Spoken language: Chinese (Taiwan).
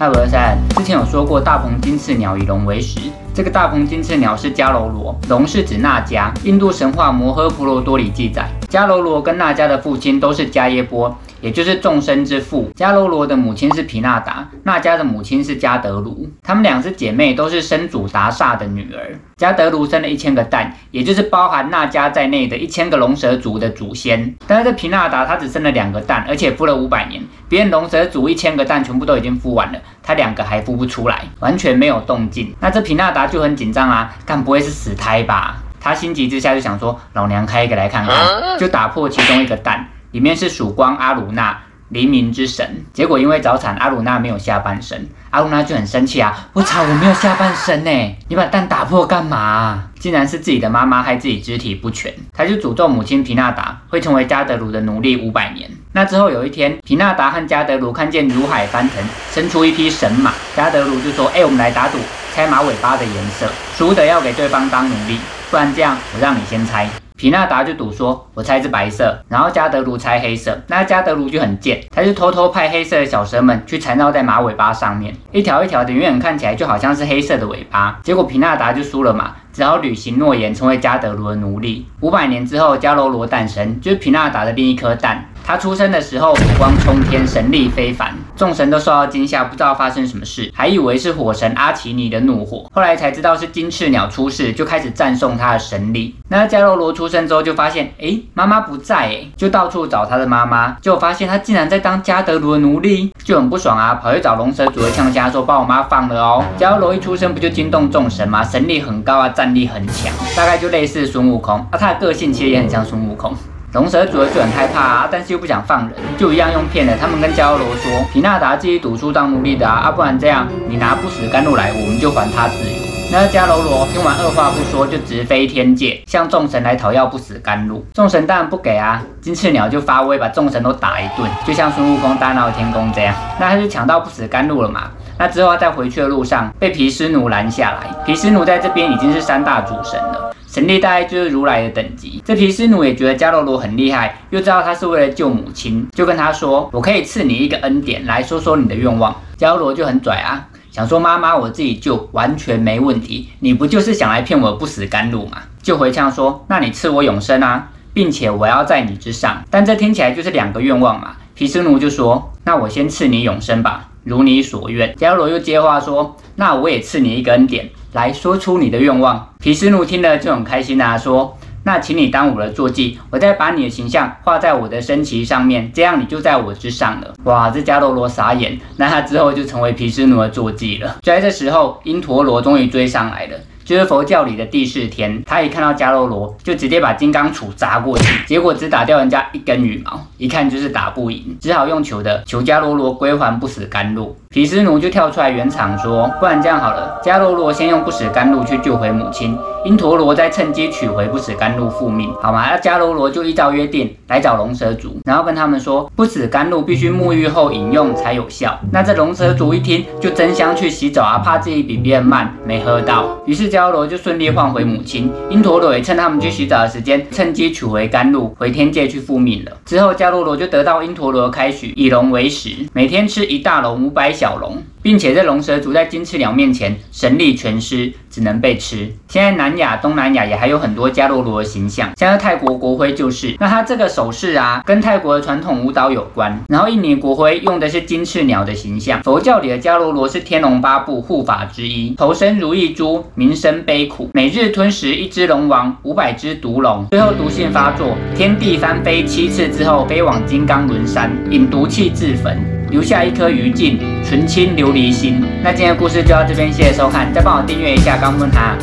Hi，我是 MJ，之前有說過，大鵬金翅鳥以龍為食。這個大鵬金翅鳥是迦樓羅，龍是指娜迦。印度神話《摩訶婆羅多》裡記載，迦樓羅跟娜迦的父親都是迦耶波。也就是眾生之父迦樓羅的母親是皮娜達，娜迦的母親是迦德魯，他們兩是姐妹，都是生主達剎的女兒。迦德魯生了一千個蛋，也就是包含娜迦在內的一千個龍蛇族的祖先。但是這皮娜達她只生了兩個蛋，而且孵了五百年，別人龍蛇族一千個蛋全部都已經孵完了，她兩個還孵不出來，完全沒有動靜。那這皮娜達就很緊張啊，該不會是死胎吧？她心急之下就想說，老娘開一個來看看，啊、就打破其中一個蛋。裡面是曙光阿魯納，黎明之神。結果因為早產，阿魯納沒有下半身，阿魯納就很生氣啊！我操，我沒有下半身呢、欸！你把蛋打破幹嘛？啊？竟然是自己的媽媽害自己肢體不全，他就詛咒母親皮納達會成為加德魯的奴隸五百年。那之後有一天，皮納達和加德魯看見如海翻騰，生出一匹神馬，加德魯就說：“哎、欸，我們來打賭，猜馬尾巴的顏色，輸的要給對方當奴隸，不然這樣我讓你先猜。”皮納達就賭說，我猜是白色，然後加德魯猜黑色。那加德魯就很賤，他就偷偷派黑色的小蛇們去纏繞在馬尾巴上面，一條一條的，遠遠看起來就好像是黑色的尾巴。結果皮納達就輸了嘛，只好履行諾言，成為加德魯的奴隸。五百年之後，迦樓羅誕生，就是皮納達的另一顆蛋。他出生的時候火光衝天，神力非凡。眾神都受到驚嚇，不知道發生什麼事，還以為是火神阿耆尼的怒火。後來才知道是金翅鳥出世，就開始讚頌他的神力。那迦樓羅出生之後就發現，哎、欸，媽媽不在、欸，誒就到處找他的媽媽，就發現他竟然在當迦德羅的奴隸，就很不爽啊，跑去找龍蛇族的嗆家說把我媽放了哦、喔。迦樓羅一出生不就驚動眾神嗎？神力很高啊，戰力很強，大概就類似孫悟空。那、啊、他的個性其實也很像孫悟空。龍蛇族就很害怕啊，但是又不想放人，就一樣用騙的。他們跟迦樓羅說，皮納達自己賭輸當奴隸的啊，啊不然這樣你拿不死甘露來，我們就還他自由。那迦樓羅聽完二話不說，就直飛天界，向眾神來討要不死甘露。眾神當然不給啊，金翅鳥就發威，把眾神都打一頓，就像孫悟空大鬧天宮這樣。那他就搶到不死甘露了嘛？那之後啊，在回去的路上被毗濕奴攔下來。毗濕奴在這邊已經是三大主神了。成立大概就是如來的等級，這毗濕奴也覺得迦樓羅很厲害，又知道他是為了救母親，就跟他說：“我可以賜你一個恩典，來說說你的願望。”迦樓羅就很拽啊，想說：“媽媽，我自己救完全沒問題，你不就是想來騙我不死甘露嗎？”就回嗆說：“那你賜我永生啊，並且我要在你之上。”但這聽起來就是兩個願望嘛。毗濕奴就說：“那我先賜你永生吧，如你所願。”迦樓羅又接話說：“那我也賜你一個恩典。”來說出你的願望，毗濕奴聽了就很開心啊，說：“那請你當我的坐騎，我再把你的形象畫在我的升旗上面，這樣你就在我之上了。”哇，這迦樓羅傻眼，那他之後就成為毗濕奴的坐騎了。就在這時候，因陀羅終於追上來了。就是佛教裡的第四天，他一看到迦樓羅，就直接把金剛杵砸過去，結果只打掉人家一根羽毛，一看就是打不贏，只好用求的，求迦樓羅歸還不死甘露。毗濕奴就跳出來圓場說，不然這樣好了，迦樓羅先用不死甘露去救回母親，因陀羅再趁機取回不死甘露復命，好嗎？那迦樓羅就依照約定來找龍蛇族，然後跟他們說，不死甘露必須沐浴後飲用才有效。那這龍蛇族一聽，就爭相去洗澡啊，怕自己比別人慢，沒喝到，於是。迦樓羅就順利換回母親，因陀羅也趁他們去洗澡的時間，趁機取回甘露，回天界去復命了。之後，迦樓羅就得到因陀羅的開許，以龍為食，每天吃一大龍五百小龍。並且在龍蛇族在金翅鳥面前神力全失，只能被吃。現在南亞東南亞也還有很多迦樓羅的形象，像是泰國國徽就是。那它這個手勢啊，跟泰國的傳統舞蹈有關。然後印尼國徽用的是金翅鳥的形象。佛教裡的迦樓羅是天龍八部護法之一，頭生如意珠，鳴聲悲苦，每日吞食一隻龍王、五百隻毒龍，最後毒性發作，天地翻飛七次之後，飛往金剛輪山，引毒氣自焚。留下一顆餘燼，純青琉璃心。那今天的故事就到這邊，謝謝收看，再幫我訂閱一下剛問他。